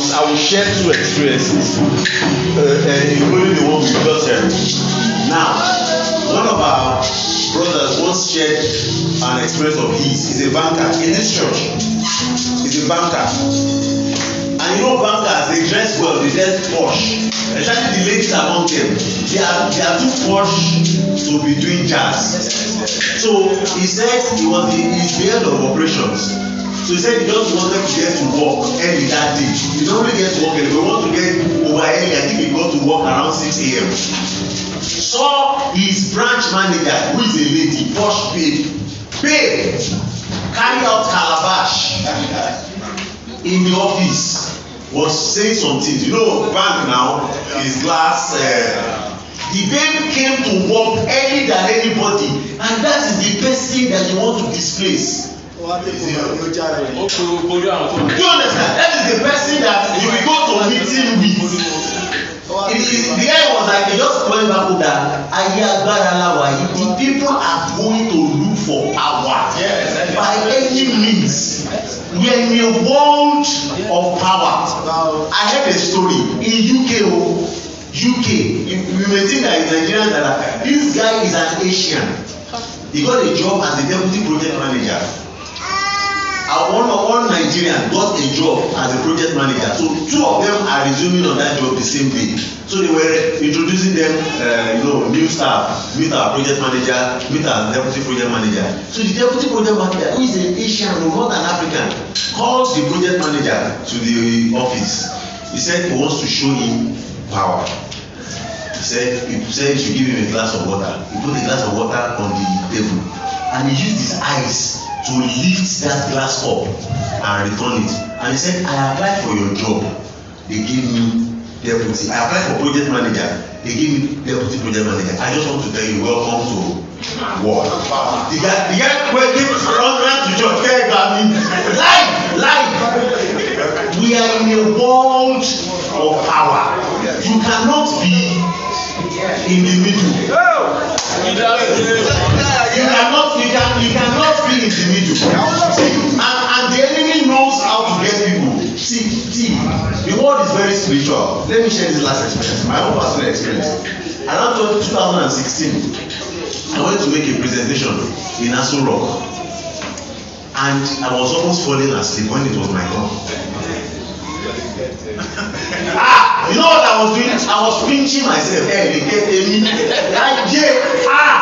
will I will share two experiences uh, uh, including the one we just heard. Now, one of our brothers once shared an experience of his. He's a banker in this church. He's a banker. And you know bankers they dress well, they dress posh. Especially the ladies among them. They are they are too posh to be doing jazz. So he said he was the, he's the head of operations So he said he just wanted to get to work early that day. He don't really get to work early, but he want to get over early. I think he got to work around 6 a.m. so his branch manager, who is a lady, posh babe, babe, carry out calabash in the office, was saying some things. You know, bank now is glass. Uh, the babe came to work early than anybody, and that is the best thing that you want to displace ó you understand that is the person that you will go to meeting with. If, the guy was like he just tell back that ayé agbára la the people are going to look for power by any means we are in of power I heard a story in UK o oh, UK if you may think that it's Nigerians that this guy is an Asian he got a job as a deputy project manager and one of one nigerian got a job as a project manager so two of them are resuming on that job the same day so they were introducing them uh, you know new staff meet our project manager meet our deputy project manager so the deputy project manager who is an asian not an african calls the project manager to the office he said he wants to show him power he said he said he should give him a glass of water he put a glass of water on the table and he used his eyes to lift that glass up and return it and he said i applied for your job they gave me deputy i applied for project manager they gave me deputy project manager i just want to tell you welcome to work the guy the guy wey give run round to church tell him i mean life life we are in a world of power you cannot be individual. You cannot, you, can, you cannot be individual. And, and the enemy knows how to get people. See, see, the world is very spiritual. Let me share this last experience, my own personal experience. Around 2016, I went to make a presentation in Asu Rock. And I was almost falling asleep when it was my turn ah you know what i was doing i was pinching myself ẹ you get emi láyé ah.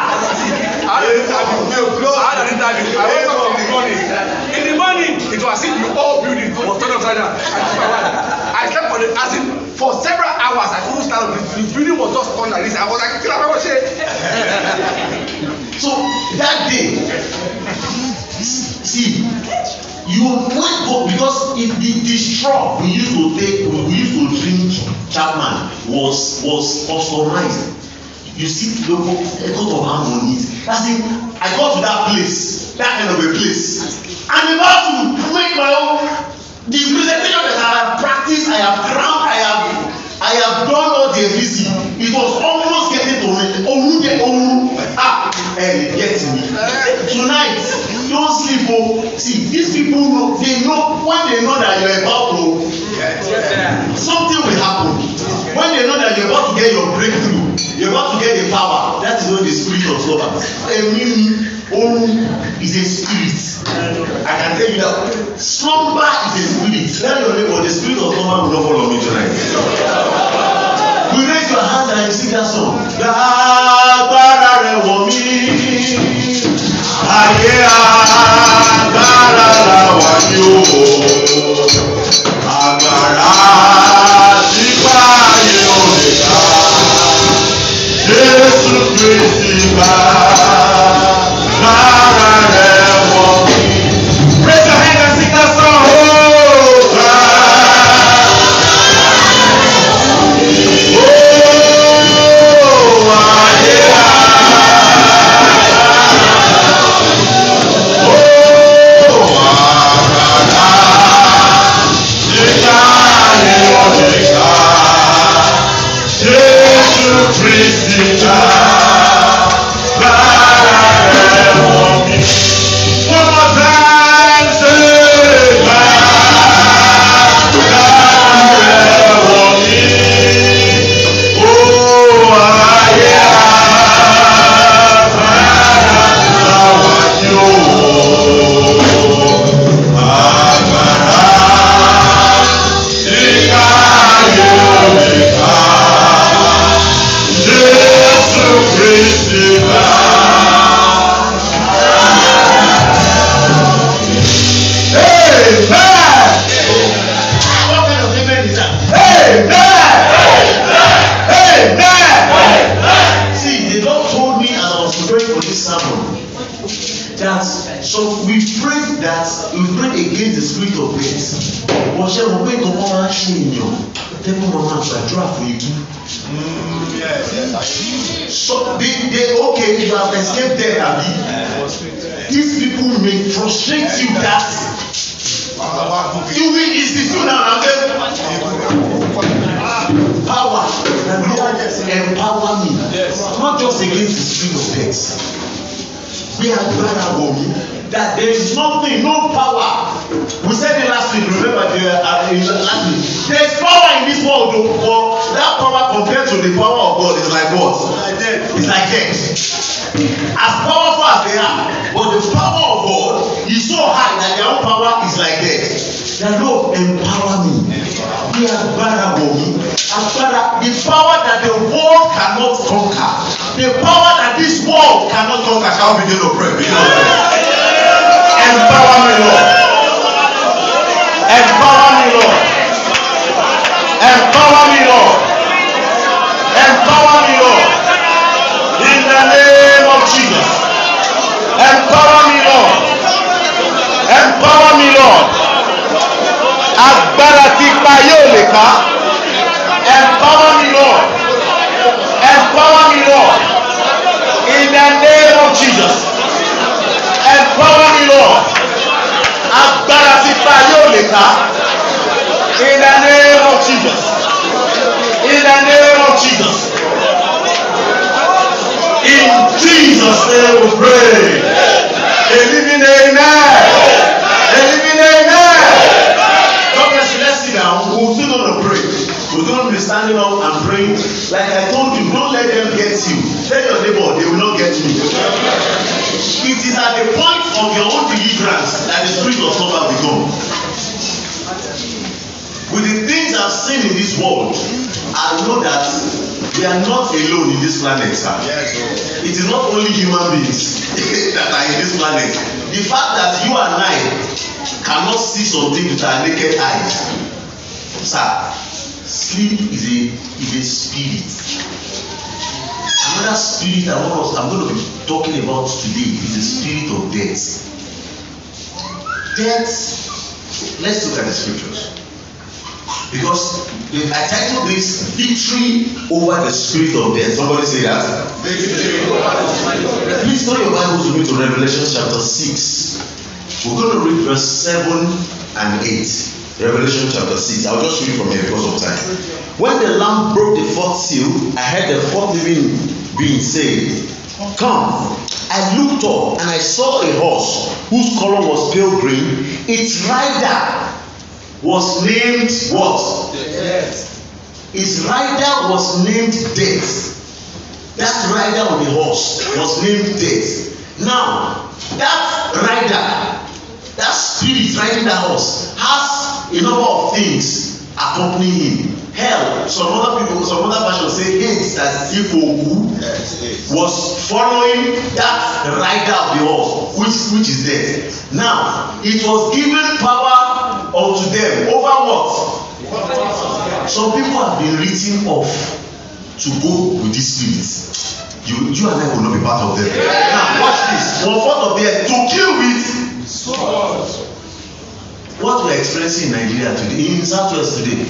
how did it happen no no how did it happen i wake up in the morning in the morning it was as if the whole building was turned upside down i took my for the as in for several hours i couldn't stand up the building was just turned like this i was like kí la fẹ́ wọ́n ṣe. so that day see you when because it, the the straw we used to take we used to drink chapman was was customized you see the a lot of hand on it that's it i go to that place that kind of a place i'm about to make my own the presentation that i have practiced i have ground, i have i have done all the reason it was almost getting to me oru de oru ah eh get me eh. tonight you sleep o see these people know they know when they know that you are about to something will happen when they know that you are about to get your breakthrough you are about to get the power that is when the spirit of love emi oru is a spirit i can tell you that slumber is a spirit tell your neighbor the spirit of slumber will not follow me tonight you raise your hand and you sing that song. lágbára rẹ̀ wọ̀ mí ayé agbára làwà ní òwò agbára nípa ayé òrìṣà Jésù Kristi bá. Yeah. Your power is like that the lord empower me bí agbára wọ̀ mí agbára the power that the world cannot conquer the power that this world cannot conquer shall we begin to pray you know empower me lord empower me lord empower me lord empower me lord in the name of jesus empower me lord four million agbára ti pa yóò lè ká empower me Lord empower me Lord in the name of Jesus empower me Lord agbára ti pa yóò lè ká in the name of Jesus in the name of Jesus in Jesus name we pray. Amen. you don't be standing up and praying like i told you don't let them get you tell your neighbor they will not get you it is at the point of your own deliverance that the spirit of suffer become with the things i have seen in this world i know that we are not alone in this planet sir yes, it is not only human beings that are in this planet the fact that you and i cannot see something with our naked eyes sir Sleep is a is a spirit. Another spirit I want us, I'm going to be talking about today is the spirit of death. Death. Let's look at the scriptures. Because I titled this Victory over the Spirit of Death. Somebody say that. Please turn your Bibles with me to Revelation chapter 6. We're going to read verse 7 and 8. Revelation chapter 6. I'll just read from here because of time. When the Lamb broke the fourth seal, I heard the fourth living being saying, Come. I looked up and I saw a horse whose color was pale green. Its rider was named what? Death. His rider was named Death. That rider on the horse was named Death. Now, that rider that spirit riding that horse has a number of things accompanying him hell some other people some other version say hate that ifowu who was following that rider of the horse which which is there now it was given power unto them over what some people have been written off to go with this spirit you you and i will not be part of them yeah. now watch this one fourth of them to kill with Sword. What we are experiencing in Nigeria today, in Southwest today,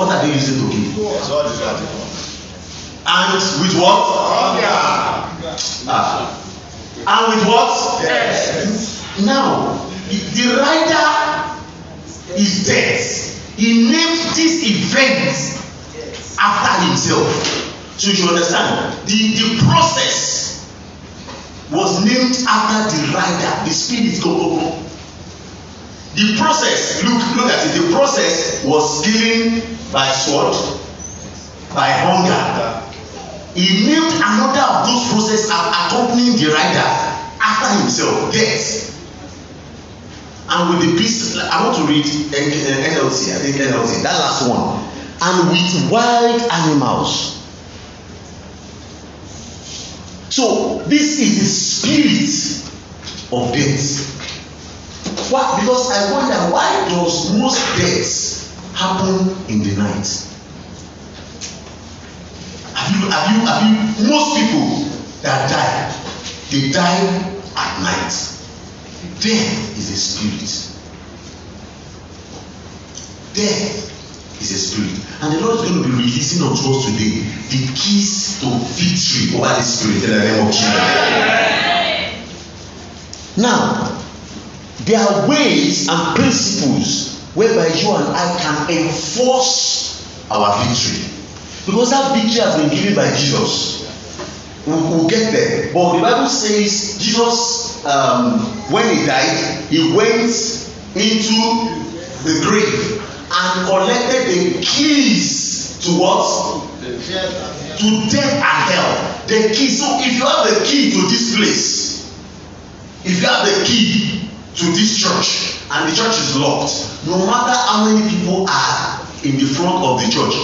what are they using to kill? Sword And with what? Ah. And with what? Yes. Now, the rider is dead. He named this event after himself. So you should understand the the process was named after the rider the spirit go go go the process look look at it the process was killing by sword by hunger he named another of those process as accompanying the rider after himself death and with the peace i want to read nlc i think nlc that last one and with wild animals So this is the spirit of death. Why? Because I wonder why does most deaths happen in the night? Have you have you have you most people that die they die at night. Death is a spirit. Death is a spirit. And the Lord is going to be releasing unto us today the keys to victory over the spirit in the name of Jesus. Now, there are ways and principles whereby you and I can enforce our victory. Because that victory has been given by Jesus. We'll, we'll get there. But the Bible says Jesus, um, when he died, he went into the grave and collected the keys to what? To death and hell. The key. So if you have the key to this place, if you have the key to this church and the church is locked, no matter how many people are in the front of the church,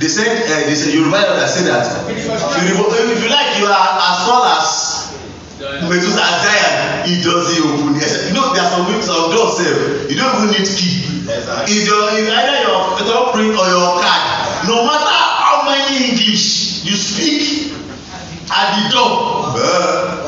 they said uh, they said Yoruba elder say that if you like you are as tall as Medusa Zion he does the open yes you know there are some some doors sef eh, you don't even need key If your it's either your thumbprint or your card. No matter how many English you speak at the door. There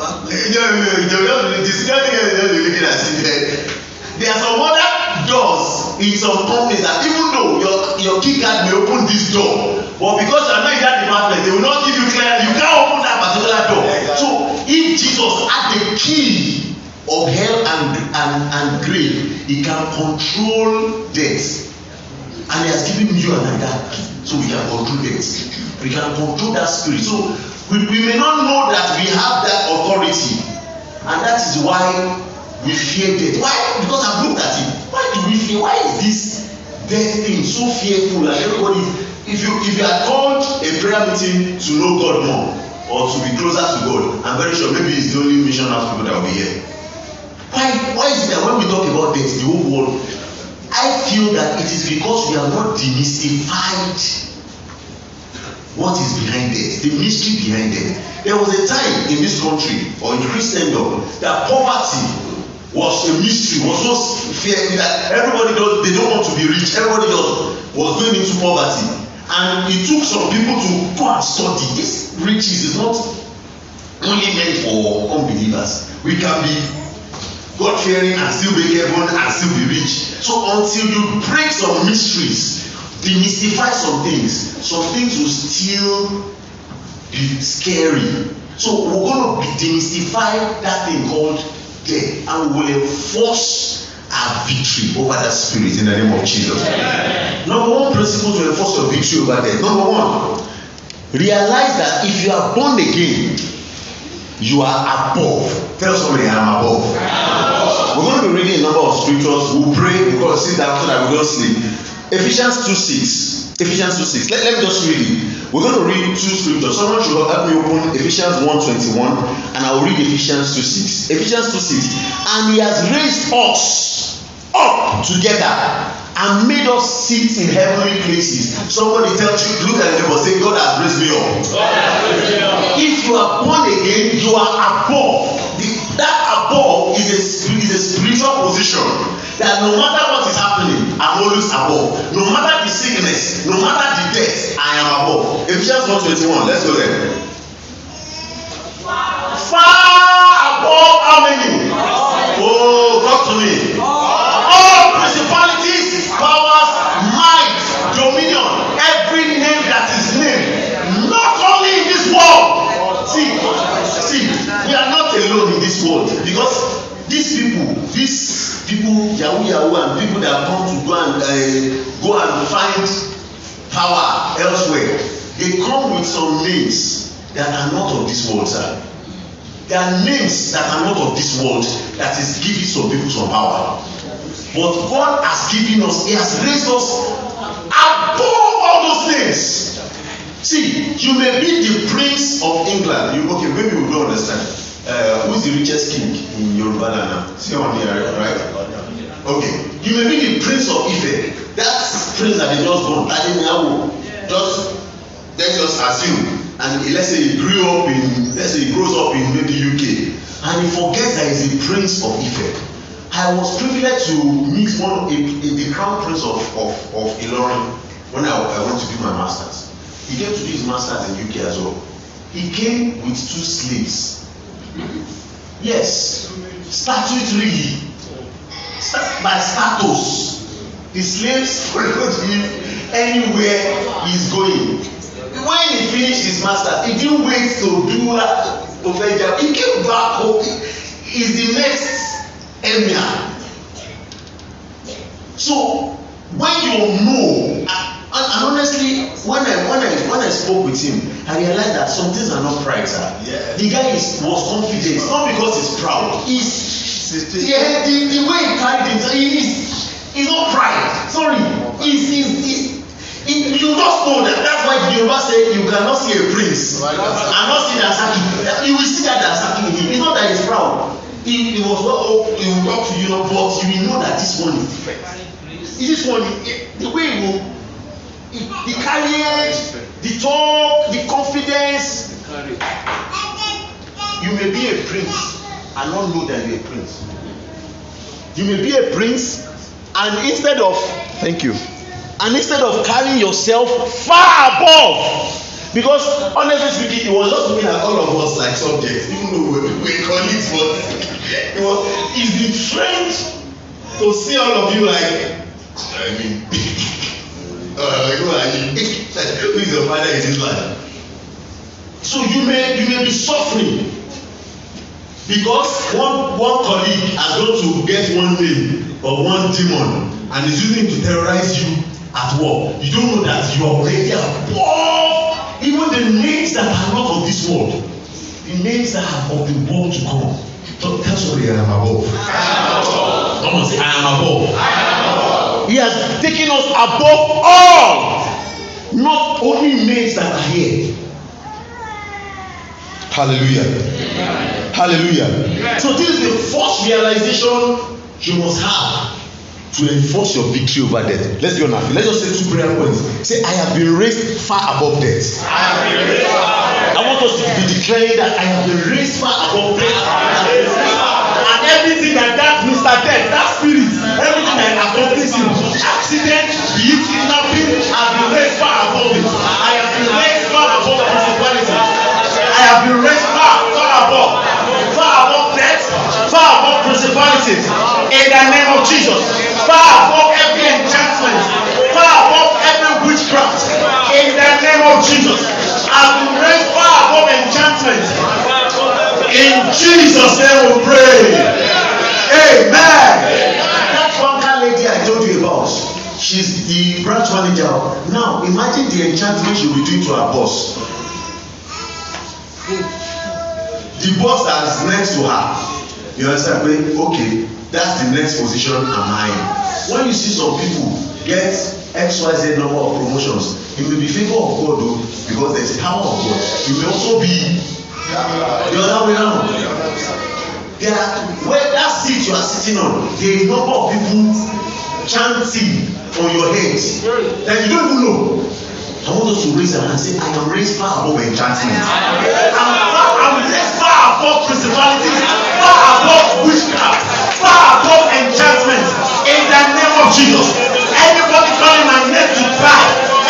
are some other doors in some companies that even though your your key card may open this door but because you are not in that department they will not give you clear you can't open that particular door. So if Jesus had the key of hell and, and, and grave. He can control death. And he has given you and I that So we can control death. We can control that spirit. So we, we may not know that we have that authority. And that is why we fear death. Why? Because I've looked at it. Why do we fear? Why is this death thing so fearful and everybody if you if you are called a prayer meeting to know God more or to be closer to God I'm very sure maybe it's the only mission house people that will be here why why is it that when we talk about death the whole world i feel that it is because we are not demystified what is behind death the mystery behind death there was a time in this country or in christendom that poverty was a mystery was so fear that everybody just they don't want to be rich everybody just was going into poverty and it took some people to go and study this riches is not only meant for unbelievers we can be God fearing and still be heaven and still be rich. So until you break some mysteries, demystify some things, some things will still be scary. So we're going to demystify that thing called death and we will enforce our victory over that spirit in the name of Jesus. Number one principle to enforce your victory over death. Number one, realize that if you are born again, you are above. Tell somebody, I'm above. Amen we're going to be reading a number of scriptures. We'll pray because sit down so that we don't sleep. Ephesians 2 6. Ephesians 2 6. Let, let me just read it. We're going to read two scriptures. Someone should help me open Ephesians 1 21 and I'll read Ephesians 2 6. Ephesians 2 6. And he has raised us up together and made us sit in heavenly places. Somebody tell you, look at them and say, God has raised me up. If you are born again, you are above. The, that above Is a, in a spiritual position that no matter what is happening i'm always above no matter the sickness no matter the death i am above ephesians one twenty-one let's go there far above how many oh talk to me all principalities powers might dominion every name that is named not only in this world see see we are not alone in this world because these people these people yahoo yahoo and people that come to go and uh, go and find power elsewhere they come with some names that are not of this world sir there are names that are not of this world that is giving some people some power but God has given us he has raised us above all those names see you may be the prince of England you okay maybe you don't understand Uh, who's the richest king in Yoruba land now? See on here, right? Okay. You may be the prince of Ife. That's prince that they just born. That is now. Just let's just assume. And let's say he grew up in let's say he grows up in maybe UK and he forgets that he's the prince of Ife. I was privileged to meet one a, a, the crown prince of of of Ilorin when I, I went to do my masters. He came to do his masters in UK as well. He came with two slaves yes statutory by status the slaves followed him anywhere he is going when he finish his masters he didn't wait to do to fetch am he came back home he is the next emir so when you know And, and honestly, when I when I when I spoke with him, I realized that some things are not pride, sir. Yeah. The guy is was confident, not because he's proud. He's yeah, the, the way he carried himself, he is he's not pride. Sorry, he's he's. he's it, you just know that that's why the Yoruba say you cannot see a prince right. and not see the asaki you will see that the asaki in him it's not that he's proud he he was well. oh he will talk to you but you will know that this one is different Is this one he, the way he will The he the talk, the confidence. You may be a prince and not know that you're a prince. You may be a prince and instead of, thank you, and instead of carrying yourself far above, because honestly speaking, it was just me and all of us like subjects, even though we were colleagues, but it was, it's the trend to see all of you like, I mean, Uh, who is your father in this land so you may you may be suffering because one one colleague has got to get one name or one demon and is using it to terrorize you at work you don't know that you are already above even the names that are not of this world the names that are of the world to come tell somebody i am above. i am above. come on say i am above. I am above. He has taken us above all, not only names that are here. Hallelujah. Amen. Hallelujah. Amen. So, this is the first realization you must have to enforce your victory over death. Let's be honest. Let's just say two prayer points. Say, I have been raised far above death. I have been raised far above death. I want us to be declaring that I have been raised far above death. And everything that that Mr. Death, that spirit everything I accomplish in accident, be kidnapping, I have been raised far above it. I have been raised far above principality. I have been raised far, far above, far above death, far above principalities. In the name of Jesus, far above every enchantment, far above every witchcraft. In the name of Jesus, I have been raised far above enchantment. In Jesus' name we pray. Amen boss she's the branch manager now imagine the enchantment she will be doing to her boss the boss that's next to her you understand me? okay that's the next position am i in when you see some people get xyz number of promotions you may be favour of oh, god o oh, because there is power of god you may also be the other way round there are where that seat you are sitting on there is number of people chanting on your head and you don't even know. I want us to raise our hand and say, I am raised far above enchantment. I far, I'm raised far above principalities, far above witchcraft, far above enchantment. In the name of Jesus. Anybody calling my name to die,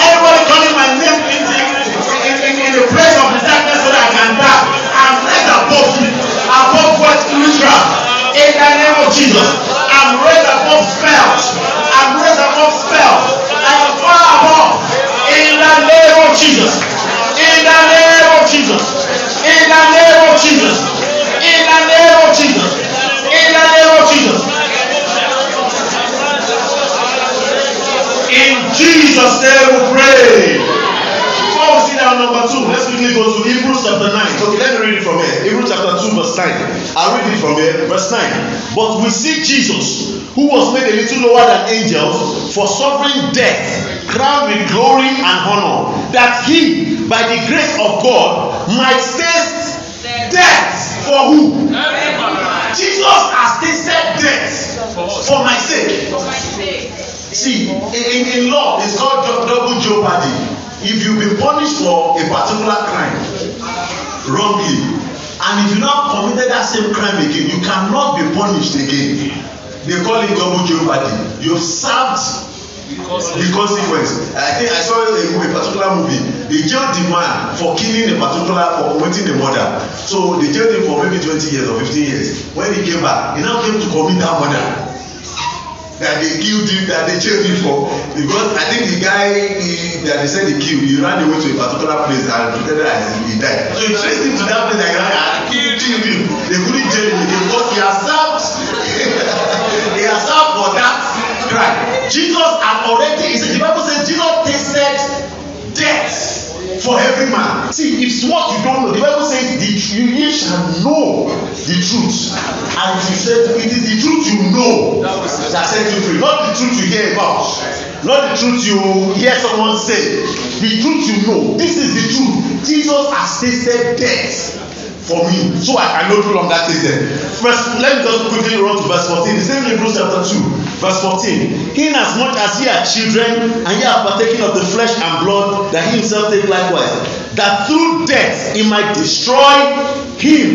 anybody calling my name in the, in, in, in the place of the darkness so that I can die, I'm raised above you, above what witchcraft. In the name of Jesus. unfelt. I pray that unfelt. I am far above. In the name of Jesus. In the name of Jesus. In the name of Jesus. In the name of Jesus. In the name of Jesus. In Jesus' name we pray. number two, let's quickly go to Hebrews chapter nine. Okay, let me read it from here. Hebrews chapter two, verse nine. I'll read it from here, verse nine. But we see Jesus, who was made a little lower than angels, for suffering death, crowned with glory and honor, that he, by the grace of God, might taste death, for who? Jesus has tasted death for, my sake. See, in, in, in law, it's called double jeopardy if you been punished for a particular crime wrongly and if you now committed that same crime again you cannot be punished again they call it double jeopardy you served the consequence i think i saw a, a particular movie they jailed the man for killing a particular for committing a murder so they jailed him for maybe twenty years or fifteen years when he came back he now came to commit that murder that they killed him that they chased him for because i think the guy he that they said he killed he ran away to a particular place and pretended as he died so he traced him to that place and ran and killed him they couldn't jail him because he had served he had served for that crime jesus had already he said the bible say jesus tasted death for every man. See, it's what you don't know. The Bible says, the, you, you shall know the truth. And you said, it is the truth you know that, sets you free. Not the truth you hear about. Not the truth you hear someone say. The truth you know. This is the truth. Jesus has tasted death for me so I can no do that take them. First, let me just quickly run to verse fourteen. The same Hebrews chapter two, verse 14. Inasmuch as ye are children, and ye are partaking of the flesh and blood, that he himself take likewise, that through death he might destroy him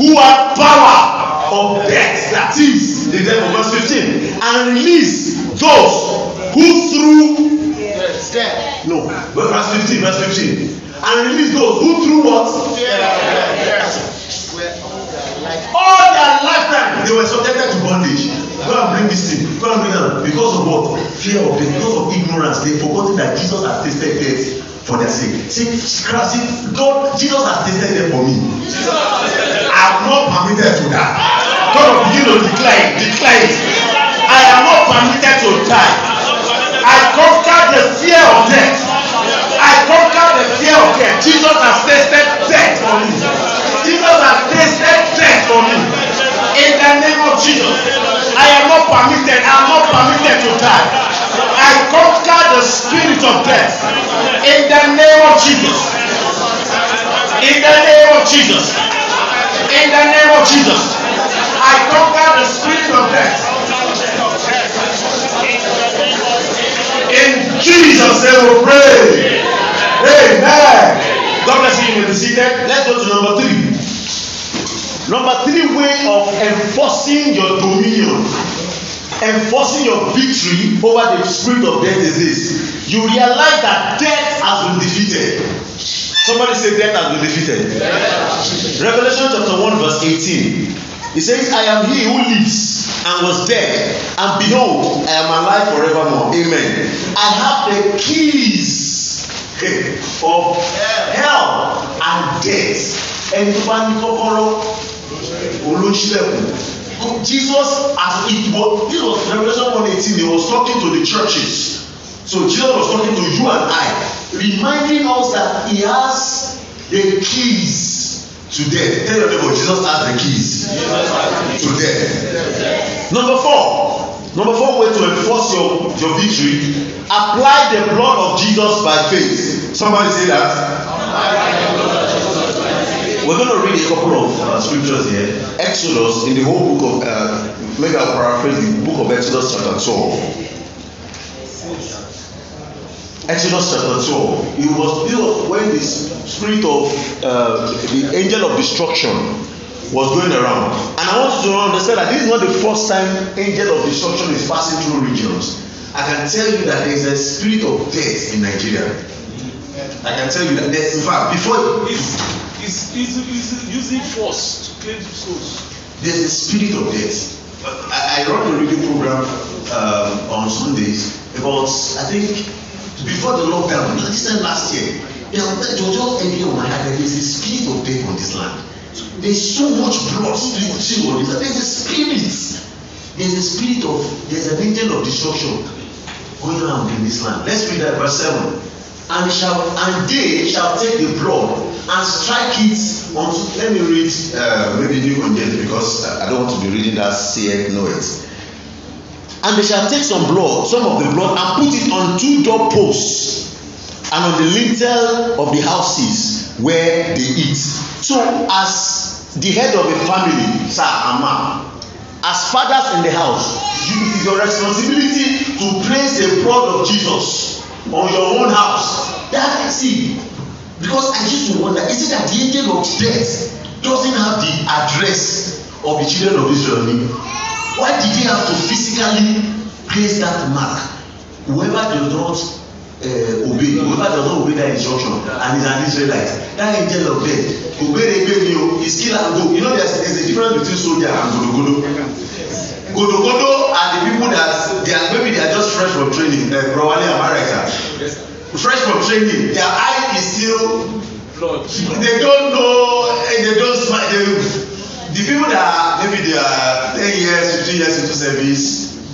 who had power of death, that is the devil. Verse fifteen, And release those who through death. No, verse fifteen. verse fifteen and release those who through what? All their lifetime they were subjected to bondage. Go and bring this thing. Go and bring that. because of what? Fear of death. Because of ignorance. They forgot that Jesus has tasted death for their sake. See, scratch it. God, Jesus has tasted death for me. I am not permitted to die. God you know, declare it. Declare it. I am not permitted to die. I conquered the fear of death. I conquer the fear of death. Jesus has tasted death for me. Jesus has tasted death for me. In the name of Jesus, I am not permitted. I am not permitted to die. I conquer the spirit of death. In the name of Jesus. In the name of Jesus. In the name of Jesus. I conquer the spirit of death. In Jesus' name we pray. Amen. God bless you. You may be seated. Let's go to number three. Number three way of enforcing your dominion, enforcing your victory over the spirit of death is this. You realize that death has been defeated. Somebody say death has been defeated. Yes. Revelation chapter 1, verse 18. He says, I am he who lives and was dead, and behold, I am alive forevermore. Amen. I have the keys of hell and death ẹni tó bá ní kọ́kọ́rọ́ olóṣèlú Jesus as it was this was Revelation one eighteen he was talking to the churches so Jesus was talking to you and I reminding us that he has the keys to death tell your neighbor Jesus has the keys to death number four Number four way to enforce your, your victory apply the blood of Jesus by faith. Somebody say that. We're going to read a couple of uh, scriptures here. Exodus, in the whole book of, uh, maybe I'll paraphrase the book of Exodus, chapter 12. Exodus chapter 12. It was built when the spirit of uh, the angel of destruction was going around and i want you to understand that this is not the first time angel of destruction is passing through regions i can tell you that there is a spirit of death in nigeria i can tell you that there in fact before it's is is using force to claim souls there is a spirit of death i i run a radio program um, on sundays about i think before the lockdown this time last year there was there was just heavy on my heart there is a spirit of death on this land There's so much blood spilled. There's a spirit. There's a spirit of there's an angel of destruction going around in this land. Let's read that verse seven. And shall and they shall take the blood and strike it unto. Let me read uh, maybe New Conject because I don't want to be reading that seeth know it. And they shall take some blood, some of the blood, and put it on two door posts and on the lintel of the houses where they eat So, as the head of a family, sir and ma'am, as fathers in the house, you, it is your responsibility to place the blood of Jesus on your own house. That see, because I used to wonder, is it that the angel of death doesn't have the address of the children of Israel? Why did they have to physically place that mark? Whoever does not uh, obey Jehovah does not obey that instruction and he's an Israelite that angel of death obere gbemi o he still am go you know there's there's a difference between soldier and godogodo godogodo are the people that they are maybe they are just fresh from training uh, probably America fresh from training their eye is still they don't know eh, they don't smile they the people that are maybe they are ten years fifteen years into service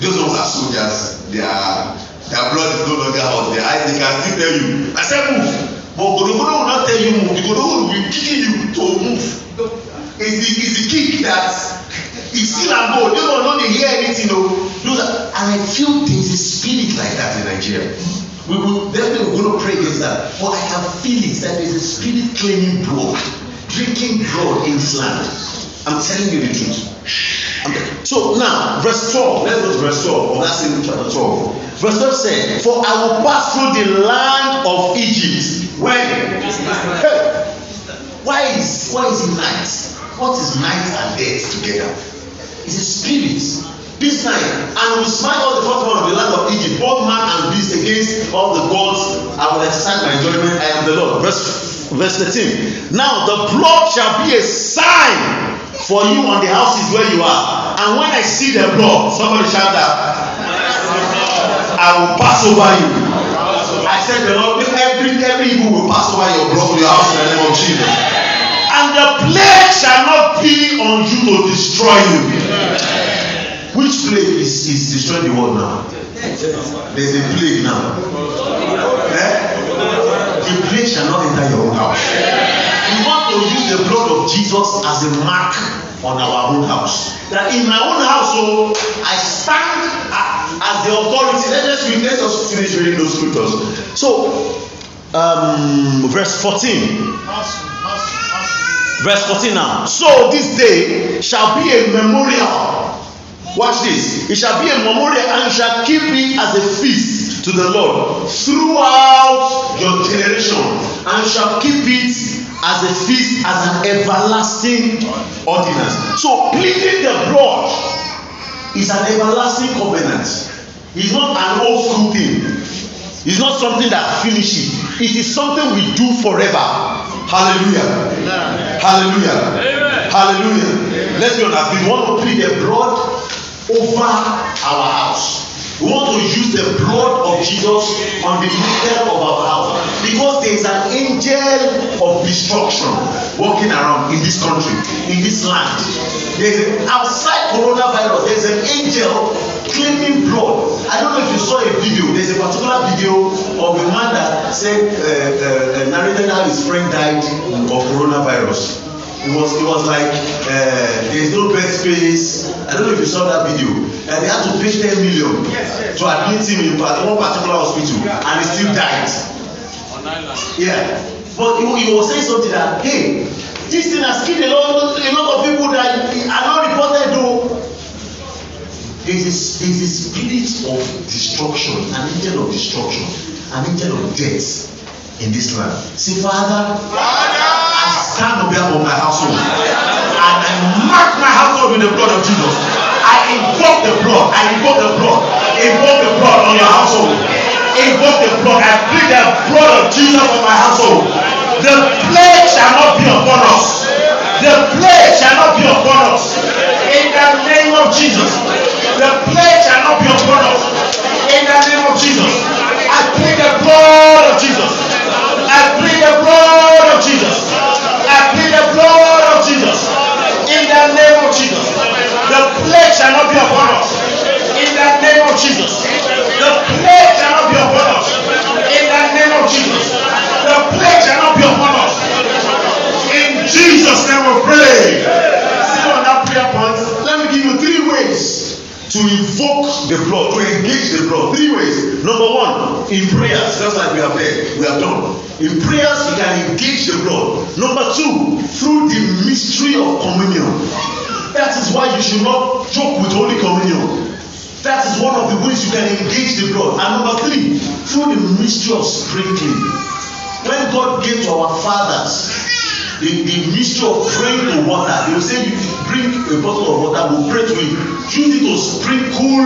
those ones are soldiers they are their blood is no longer hot their eyes they can still tell you i say move but godogodo will not tell you move the godogodo will kick you to move it's the it's the kick that e still am go this one no dey hear anything o no and i feel there is a spirit like that in nigeria we will definitely we to pray against that but i have feelings that there is a spirit claiming blood drinking blood in land I'm telling you the truth. So now, verse 12. Let's go to verse 12 of that same chapter 12. Verse 12 says, For I will pass through the land of Egypt. When? Hey. Why is why is night? What is night and death together? It's a spirit. This night, and will smite all the firstborn of the land of Egypt, both man and beast, against all the gods. I will exercise my judgment. I am the Lord. Verse verse 13. Now the blood shall be a sign for you on the houses where you are. And when I see the blood, somebody shout out, I will pass over you. I said, the Lord, every every evil will pass over your blood, your house in the name of Jesus. And the plague shall not be on you to destroy you. Which plague is, is destroying the world now? There's a plague now. Eh? The plague shall not enter your own house. We want to use the blood of Jesus as a mark on our own house. That in my own house, oh, I stand as the authority. Let us read, let us finish reading those scriptures. So, um, verse 14. Verse 14 now. So this day shall be a memorial. Watch this. It shall be a memorial and shall keep it as a feast to the Lord throughout your generation and shall keep it as a feast, as an everlasting ordinance. So pleading the blood is an everlasting covenant. It's not an old school thing. It's not something that finishes. It is something we do forever. Hallelujah. Hallelujah. Hallelujah. Amen. Let's be honest. We want to plead the blood over our house. We want to use the blood of Jesus on the instead of our house because there is an angel of destruction walking around in this country, in this land. There is an, outside coronavirus, there is an angel claiming blood. I don't know if you saw a video. There is a particular video of a man that said uh, uh, uh narrated how his friend died of coronavirus. It was it was like uh, eh, there is no bed space. I don't know if you saw that video. And eh, they had to pay ten million yes, yes. to admit him in one particular hospital, yeah. and he still died. Yeah, but he, he was saying something that hey, this thing has killed a lot a lot of people that are not reported though. There is there is a spirit of destruction, an angel of destruction, an angel of death in this land. Say, Father, Father, I stand on behalf of my household and I mark my household with the blood of Jesus. I invoke the blood. I invoke the blood. Invoke the blood on your household. Invoke the blood. I plead the blood of Jesus on my household. The plague shall not be upon us. The plague shall not be upon us. In the name of Jesus. The plague shall not be upon us. In the name of Jesus. I plead the blood of Jesus. plead the blood of Jesus. I plead the blood of Jesus. In the name of Jesus. The plague shall not be upon us. Number one, in prayers, just like we have read, we have done. In prayers, you can engage the Lord. Number two, through the mystery of communion. That is why you should not joke with Holy Communion. That is one of the ways you can engage the Lord. And number three, through the mystery of sprinkling. When God gave to our fathers the the mystery of praying to water, they will say, you bring a bottle of water, we'll pray to it. Use it to sprinkle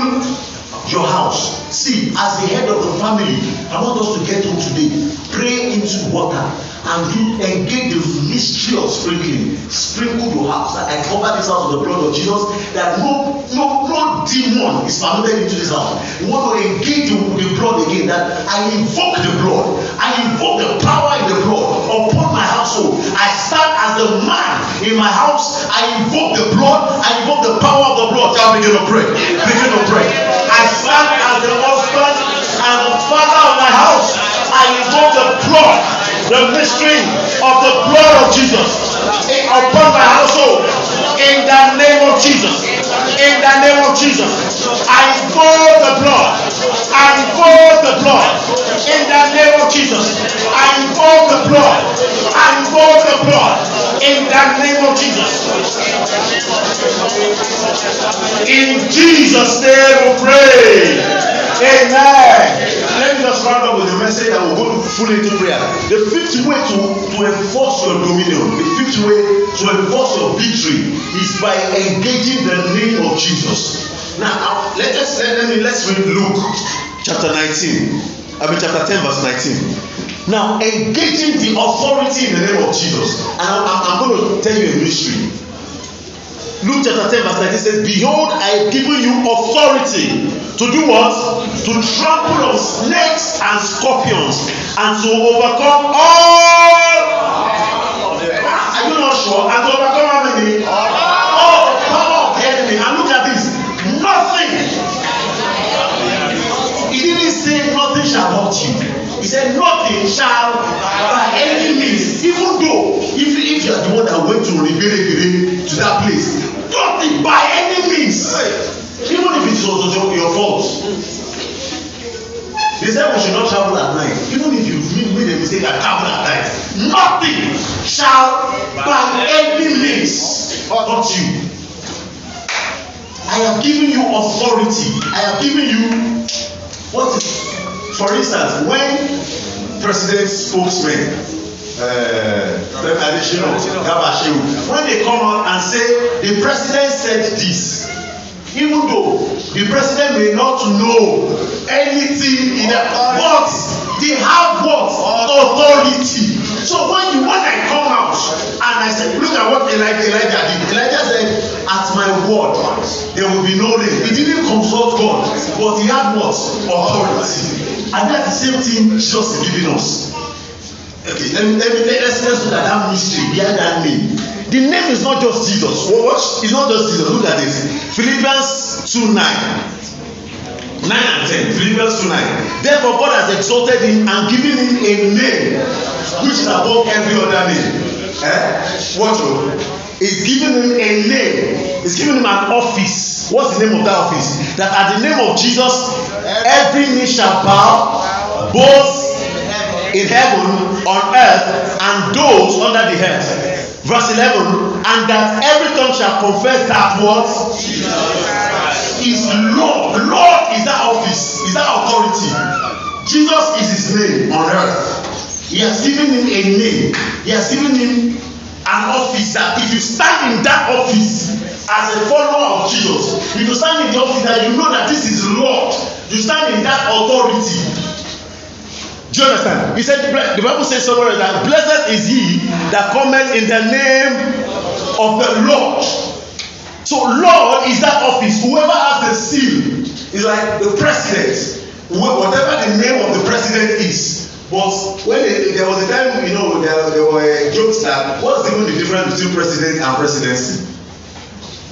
your house. See, as the head of the family, I want us to get home today. Pray into water and do engage the mystery of sprinkling sprinkle your house like i cover this house with the blood of jesus that no no no demon is permitted into this house you want to engage the, the blood again that i invoke the blood i invoke the power in the blood upon my household i stand as the man in my house i invoke the blood i invoke the power of the blood tell begin to pray begin to pray i stand as the husband and father of my house i invoke the blood the mystery of the blood of Jesus upon my household in the name of Jesus. In the name of Jesus, I invoke the blood. I invoke the blood. In the name of Jesus, I invoke the blood. I invoke the blood. In the name of Jesus. In Jesus' name we pray. Amen. just round up with the message and we'll go fully into prayer. The fifth way to, to enforce your dominion, the fifth way to enforce your victory is by engaging the name of Jesus. Now, let us let, me let's read Luke chapter 19. I mean chapter 10, verse 19. Now, engaging the authority in the name of Jesus. And I'm, I'm going to tell you a mystery Luke chapter 10, verse 19 says, Behold, I have given you authority to do what? To trample on snakes and scorpions and to overcome all. Ah, are you not sure? And to overcome how many? All power of enemy. And look at this nothing. He didn't say nothing shall hurt you said, Nothing shall by any means, even though if, if you are the one that went to Ribeirigiri to that place, nothing by any means, even if it was your, your fault. They said we should not travel at night, even if you made They say that travel at night. Nothing shall by any means hurt you. I have given you authority. I have given you what is For instance, when president spokesman Adesina uh, Gabashewu, when they come out and say the president said this, even though the president may not know anything in that, but they have what authority. So when you when I come out and I say, look at what Elijah, Elijah did. Elijah said, at my word there will be no rain. He didn't consult God, but he had what authority and that's the same thing Jesus is giving us okay let me let me let's let's look at that mystery behind that name the name is not just Jesus what it's not just Jesus look at this Philippians two nine nine and ten Philippians two nine therefore God has exalted him and given him a name which is above every other name eh what o oh is giving him a name is giving him an office what's the name of that office that at the name of jesus every knee shall bow both in heaven on earth and those under the earth verse eleven and that every tongue shall confess that what is lord lord is that office is that authority jesus is his name on earth he has given him a name he has given him an officer if you stand in that office as a follower of jesus if you stand in the office and you know that this is lord you stand in that authority do you understand he said the bible says somewhere that blessed is he that cometh in the name of the lord so lord is that office whoever has the seal is like the president whatever the name of the president is but when they, there was a time you know there, there were eh, jokes that what's even the difference between president and presidency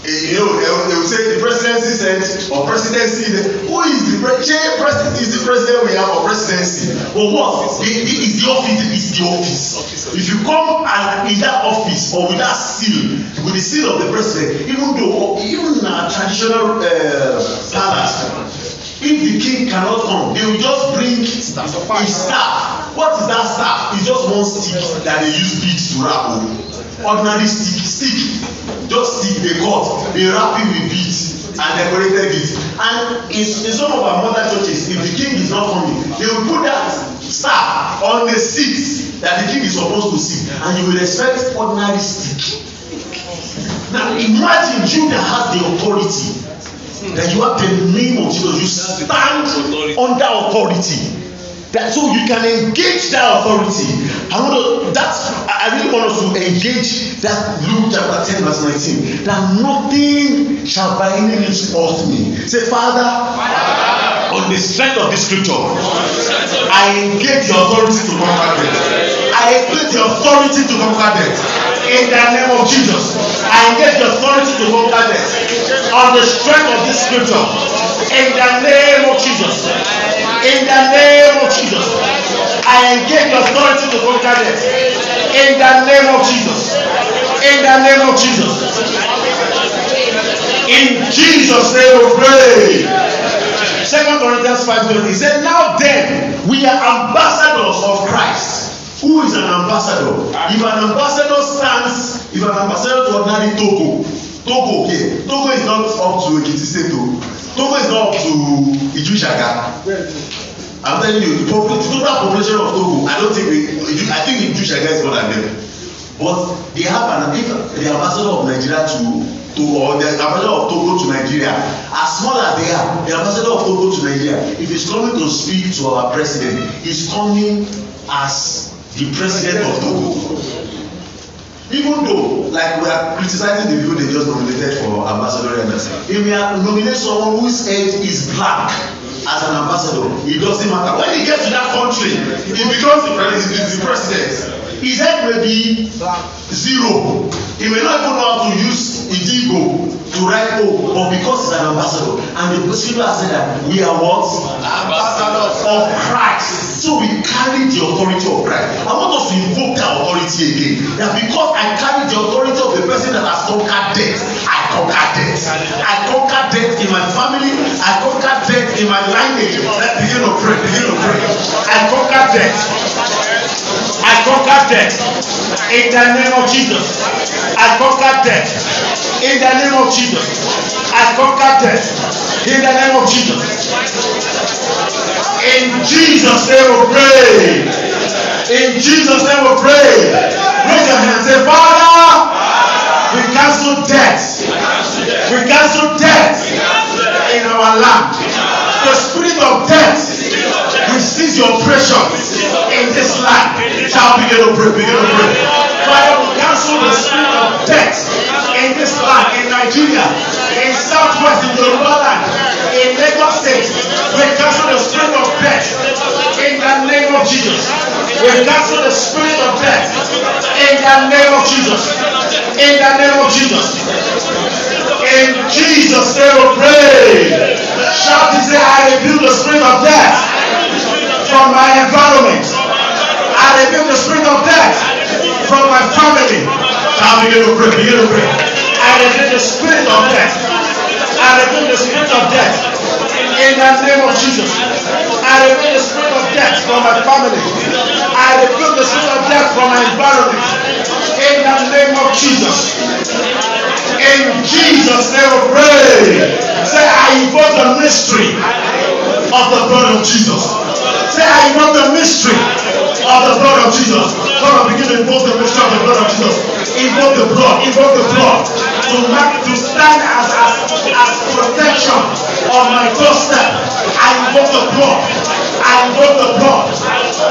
eh, you know they will, say the presidency said or presidency who is the pre president is the president we have or presidency but what the the is the office is the office. if you come and in that office or with that seal with the seal of the president even though even in na traditional uh, eh, palace if the king cannot come they will just bring staff. his staff what is that staff it's just one stick that they use beads to wrap o ordinary stick stick just stick they cut they wrap it with beads and decorated it and in in some of our mother churches if the king is not coming they will put that staff on the seat that the king is supposed to sit and you will expect ordinary stick now imagine judah has the authority that you have the name of Jesus. You stand under authority. That so you can engage that authority. I want to that's I really want us to engage that Luke chapter ten, verse nineteen. That nothing shall by any means cause me. Say, Father, Father on the strength of the scripture i engage the authority to conquer death i engage the authority to conquer death in the name of jesus i engage the authority to conquer death on the strength of this scripture in the name of jesus in the name of jesus i engage the authority to conquer death in the name of jesus in the name of jesus in jesus name we pray. Second Corinthians five twenty. He "Now then, we are ambassadors of Christ." Who is an ambassador? If an ambassador stands, if an ambassador to ordinary Togo, Togo okay. Togo is not up to Ekiti State o. Togo is not up to Ijushaga. I'm telling you, the total population of Togo, I don't think we, I think Ijushaga is more than them. But they have an, if the ambassador of Nigeria too to or the ambassador of Togo to Nigeria as small as they are the ambassador of Togo to Nigeria if he's coming to speak to our president he's coming as the president of Togo even though like we are criticizing the people they just nominated for ambassador embassy if we are nominate someone whose head is black as an ambassador it doesn't matter when he gets to that country he becomes the president the president his head may be zero he may not even know how to use idigo to write o but because he's an ambassador and the procedure has said that we are what ambassadors of christ so we carry the authority of christ i want us to invoke that authority again that because i carry the authority of the person that has conquered death i conquer death i conquer death in my family i conquer death in my lineage let's begin to pray begin to pray i conquer death i conquer conquer death in the name of Jesus. I conquer death in the name of Jesus. I conquer death in the name of Jesus. In Jesus' name we pray. In Jesus' name we pray. Raise your hand say, Father, we cancel death. We cancel death in our land. The spirit of death. it will prevail. Father, we cancel the spirit of death in this land, in Nigeria, in Southwest, in Yoruba land, in Lagos State. We cancel the spirit of death in the name of Jesus. We cancel the spirit of death in the name of Jesus. In the name of Jesus. In Jesus' name we pray. Shout and say, I rebuke the spirit of death from my environment. I rebuke the spirit of death from my family. I begin to pray, begin to pray. I rebuke the spirit of death. I rebuke the spirit of death. In the name of Jesus. I rebuke the spirit of death from my family. I rebuke the spirit of death from my environment. In the name of Jesus. In Jesus' name we pray. Say, I invoke the mystery of the blood of Jesus. Say, I invoke the mystery of the blood of Jesus. Father, begin to invoke the mixture of the blood of Jesus. Invoke the blood, invoke the blood to make to stand as, as, as protection on my doorstep. I invoke the blood. I invoke the blood.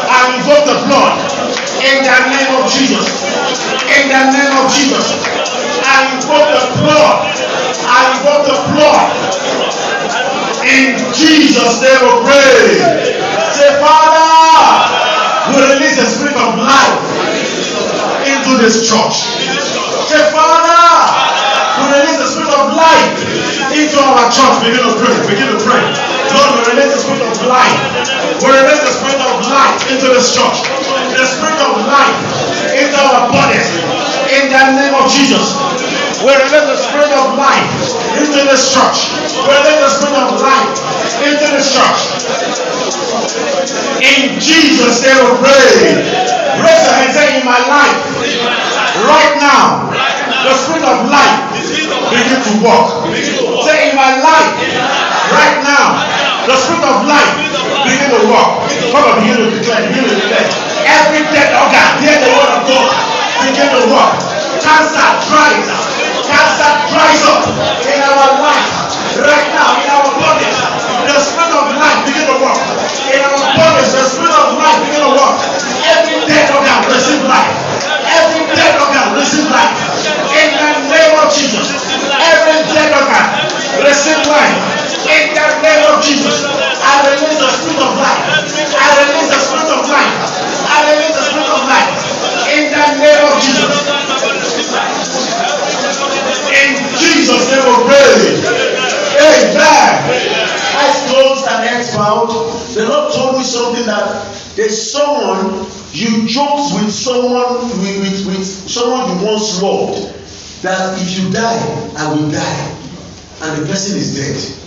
I invoke the blood in the name of Jesus. In the name of Jesus. I invoke the blood. I invoke the blood. In Jesus' name we pray. Say, Father. You release the spirit of life into this church. Say, Father, We release the spirit of life into our church. Begin to pray. Begin to pray. Lord, we release the spirit of life. We release the spirit of life into this church. The spirit of life into our bodies. In the name of Jesus. We release the spirit of life into this church. We release the spirit of life into this church. In Jesus' name we pray. Raise your hand say, in my life, right now, the spirit of life begin to walk. Say, in my life, right now, the spirit of life begin to walk. Come on, begin to declare, begin to declare. Every dead organ, hear the word of God, begin to walk. Cancer, try it dries cast that dries up in our life right now, in our bodies. The spirit of life begin to work. In our bodies, the spirit of life begin to work. Every dead of them receive life. Every dead of them receive life. In the name of Jesus. Every dead of them receive life. In the name of Jesus. I release the spirit of life. I release the spirit of life. I release the spirit of life. In the name of Jesus. Eyes closed and heads bowed. The Lord told me something that there's someone you joked with someone with, with, with someone you once loved that if you die, I will die. And the person is dead.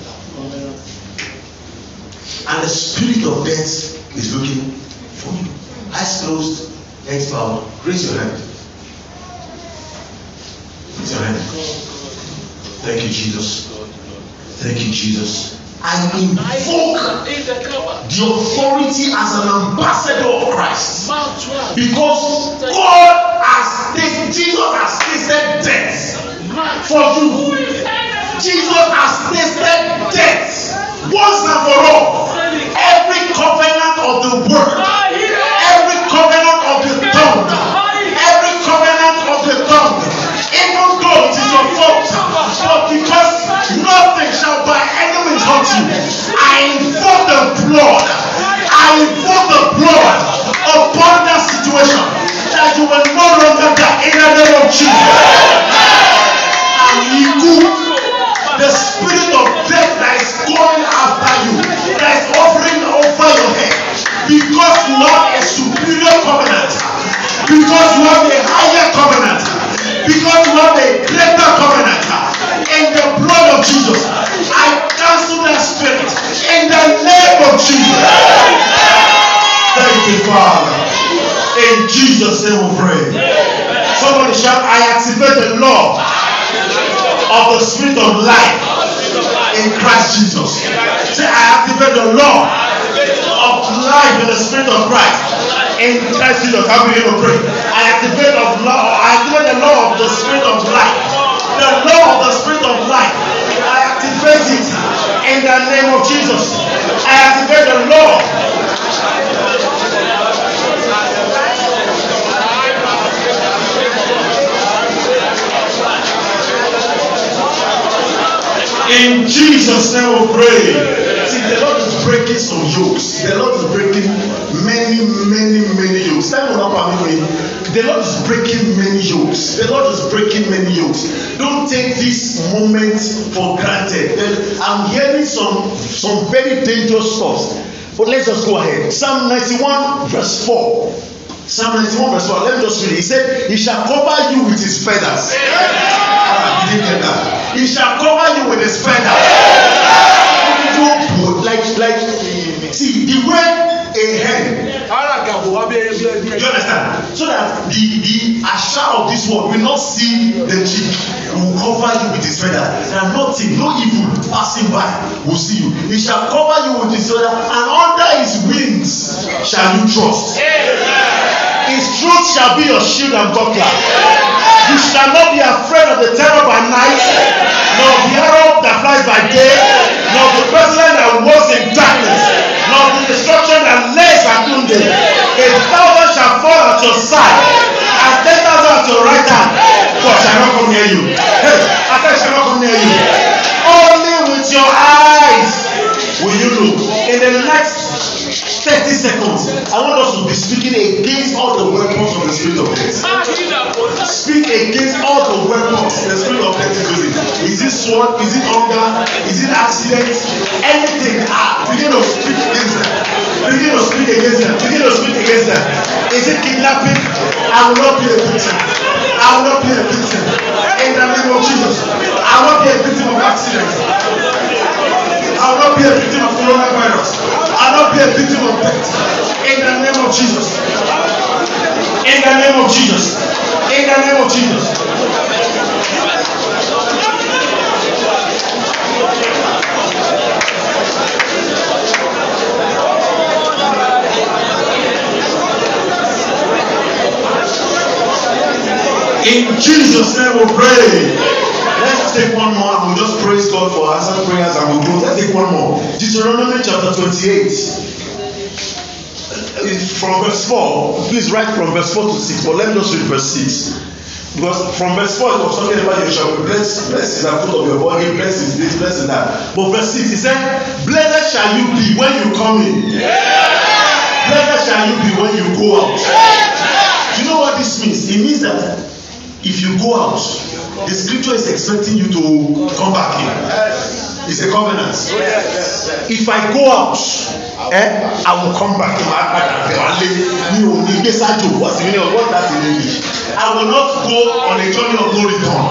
And the spirit of death is looking for you. Eyes closed, heads bowed. Raise your hand. Raise your hand. Thank you, Jesus. Thank you, Jesus. I invoke the authority as an ambassador of Christ. Because God has tasted, Jesus has tasted death for you. Jesus has tasted death once and for all. Every covenant of the world. your throat. For because nothing shall by any means hurt you. I invoke the blood. I invoke the blood upon that situation that you will no longer die in the name of Jesus. And you, the spirit of death that is going after you, that is offering over your head, because you have a superior covenant, because you have a higher covenant. Because you have a greater covenant in the blood of Jesus. I cancel that spirit in the name of Jesus. Thank you, Father. In Jesus' name we pray. Somebody shout, I activate the law of the spirit of life in Christ Jesus. Say, I activate the law of life in the spirit of Christ. In Christ Jesus, Can we begin to pray? I activate the law. I activate the law of the spirit of life. The law of the spirit of life. I activate it in the name of Jesus. I activate the law. In Jesus' name we pray. breaking some yokes. The Lord is breaking many, many, many yokes. Simon me. the Lord is breaking many yokes. The Lord is breaking many yokes. Don't take this moment for granted. I'm hearing some, some very dangerous stuff. But let's just go ahead. Psalm 91, verse 4. Psalm 91, verse 4. Let me just read it. He said, He shall cover you with his feathers. Yeah. Yeah. He shall cover you with his feathers. Yeah like like see the way a hen. you understand so that the the asha of this world will not see the cheek will cover you with his feather and nothing no evil passing by will see you he shall cover you with his feather and under his wings shall you trust. Yeah. His truth shall be your shield and buckler. You shall not be afraid of the terror by night, nor the arrow that flies by day, nor the pestilence that walks in darkness, nor the destruction that lays at noonday. A thousand shall fall at your side, and ten thousand at your right hand, but shall not come near you. Hey, I shall not come near you. Only with your eyes will you look? In the next 30 seconds, I want us to be speaking against all the weapons of the spirit of death. Speak against all the weapons the spirit of death is using. Is it sword? Is it hunger? Is it accident? Anything. Ah, begin to speak against them. Begin to speak against them. Begin to speak against them. Is it kidnapping? I will not be a victim. I will not be a victim. In the name of Jesus, I will not be a victim of accident. I will not be a victim of coronavirus. I will not be a victim of death. In the name of Jesus. In the name of Jesus. In the name of Jesus. In Jesus' name we pray. Let's take one more and we'll just praise God for answered prayers and we'll go. Let's take one more. Deuteronomy chapter 28. Uh, it's from verse 4. Please write from verse 4 to 6, but let me just read verse 6. Because from verse 4 it was talking about you shall be blessed, blessed is the fruit of your body, blessed is this, blessed is that. But verse 6 it said, Blessed shall you be when you come in. Blessed shall you be when you go out. Do you know what this means? It means that if you go out, The scripture is expecting you to come back here. It's a covenant. If I go out, eh, I will come back. Màá padà wálé ní òní gbèsàjò. What's the meaning what that in English? I will not go on a journey of no return.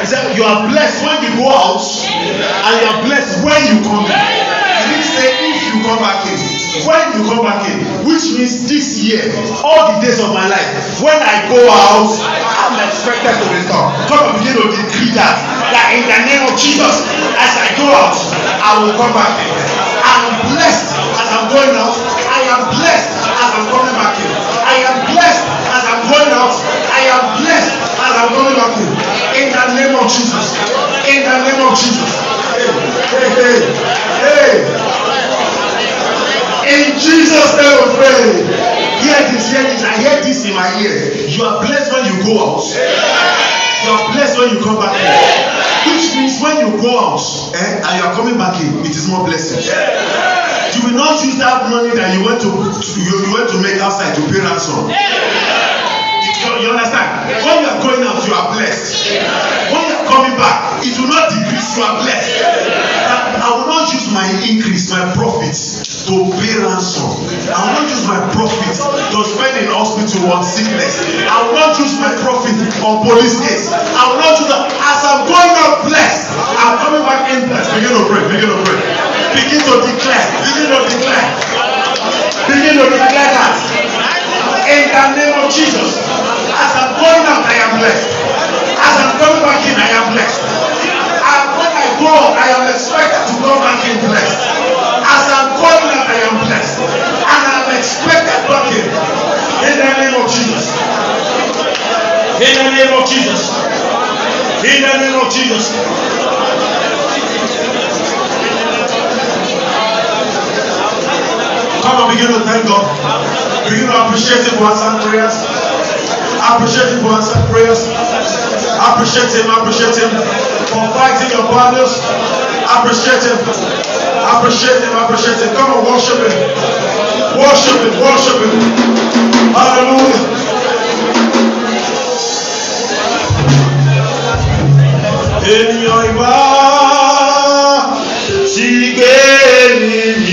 He said you are blessed when you go out and you are blessed when you come back. He didn't say if you come back in when you come back in which means this year all the days of my life when I go out is expected to restore. God will begin to decree that. That in the name of Jesus, as I go out, I will come back in. I am blessed as I'm going out. I am blessed as I'm coming back in. I am blessed as I'm going out. I am blessed as I'm coming back in. In the name of Jesus. In the name of Jesus. Hey, hey, hey. hey. In Jesus' name we pray. Hear this, hear this. I hear this in my ear. You are blessed when you go out. You are blessed when you come back in. Which means when you go out eh, and you are coming back in, it is more blessed. You will not use that money that you went to, you, went to make outside to pay ransom. You, you understand? When you are going out, you are blessed. When you are coming back, it will not decrease, you are blessed. I, I will not use my increase, my profits, to pay ransom. I will not use my profits to spend in hospital on sickness. I will not use my profits on police case. I will not use that. As I'm going out blessed, I'm coming back in blessed. Begin to pray, begin to pray. Begin to declare, begin to declare. Begin to declare that in the name of Jesus. As I'm going out, I am blessed. As I'm coming back in, I am blessed. And when I go out, I am expected to come back in blessed. As I'm going out, I am blessed. And I'm expected back in. In the name of Jesus. In the name of Jesus. In the name of Jesus. Come on, begin to thank God. Do you know appreciate him for answered prayers? Appreciate him for answered prayers. Appreciate him, appreciate him for fighting your battles. Appreciate him. Appreciate him, appreciate him. Come on, worship him. Worship him, worship him. Hallelujah. In your mouth, she gave me.